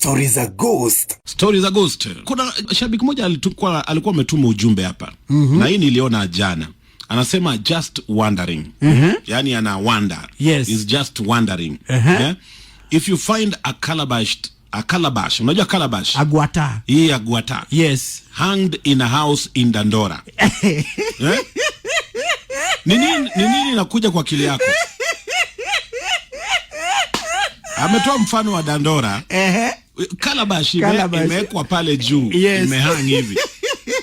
Stori za ghost, stori za ghost. Kuna shabiki mmoja alikuwa alikuwa ametuma ujumbe hapa mm -hmm. na hii niliona jana, anasema just wondering mm -hmm. yani ana wonder yes. is just wondering uh -huh. yeah? if you find a calabash a calabash, unajua calabash, aguata hii yeah, aguata yes, hanged in a house in Dandora yeah? ni nini ni nini inakuja kwa akili yako? Ametoa mfano wa Dandora. Ehe. Uh-huh. Kalabash imewekwa pale juu yes. Imehang hivi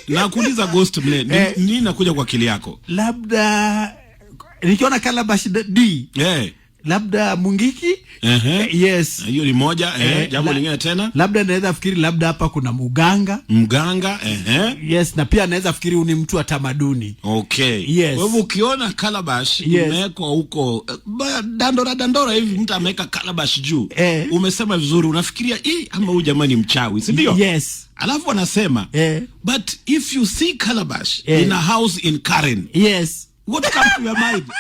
nakuuliza Ghost ni, eh, nini nakuja kwa akili yako? Labda nikiona Kalabash D eh, labda Mungiki uh eh, -huh. yes, hiyo ni moja eh, eh, jambo la, lingine tena labda naweza fikiri labda hapa kuna mganga mganga eh, eh. Yes, na pia naweza fikiri ni mtu wa tamaduni okay. Yes, hivyo ukiona Kalabash yes, imewekwa huko eh, dandora dandora hivi mtu ameweka calabash juu eh. Umesema vizuri, unafikiria hii ama huyu jamani mchawi, si ndio? Yes. Alafu anasema eh. But if you see calabash eh. in a house in Karen. Yes. What comes to your mind?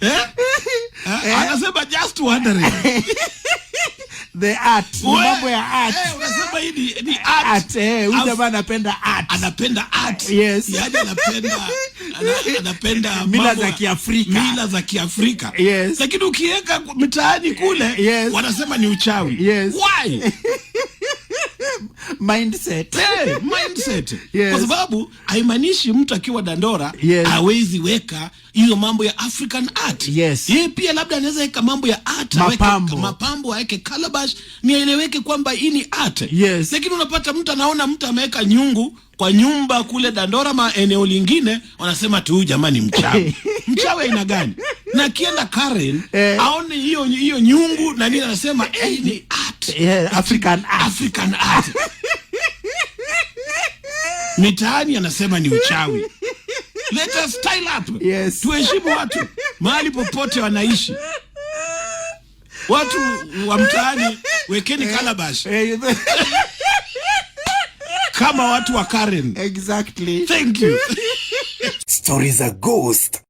Eh? eh? Eh. Anasema just wondering. The art, mambo ya art. Eh, hapa hii ni, ni eh, art. Art, eh, huyu jamaa anapenda art. Anapenda art. Yes. Yaani anapenda anapenda mila za Kiafrika. Mila za Kiafrika. Yes. Lakini ukiweka mitaani kule yes. Wanasema ni uchawi. Yes. Why? mindset. Hey, mindset. Yes. Kwa sababu haimaanishi mtu akiwa Dandora yes. hawezi weka hiyo mambo ya African art yes. ye pia labda anaweza weka mambo ya art, mapambo, mapambo aweke calabash, ni aeleweke kwamba hii ni art yes. Lakini unapata mtu anaona mtu ameweka nyungu kwa nyumba kule Dandora ma eneo lingine, wanasema tu jamani, mchawi mchawi aina gani? Na akienda Karen eh, aone hiyo hiyo nyungu na nini, anasema hey, ni art yeah, African art, African art. mitaani anasema ni uchawi. Let us style up. Yes. Tuheshimu watu mahali popote wanaishi. Watu wa mtaani wekeni kalabash. Eh, eh. Kama watu wa Karen. Exactly. Thank you. Stories are ghost.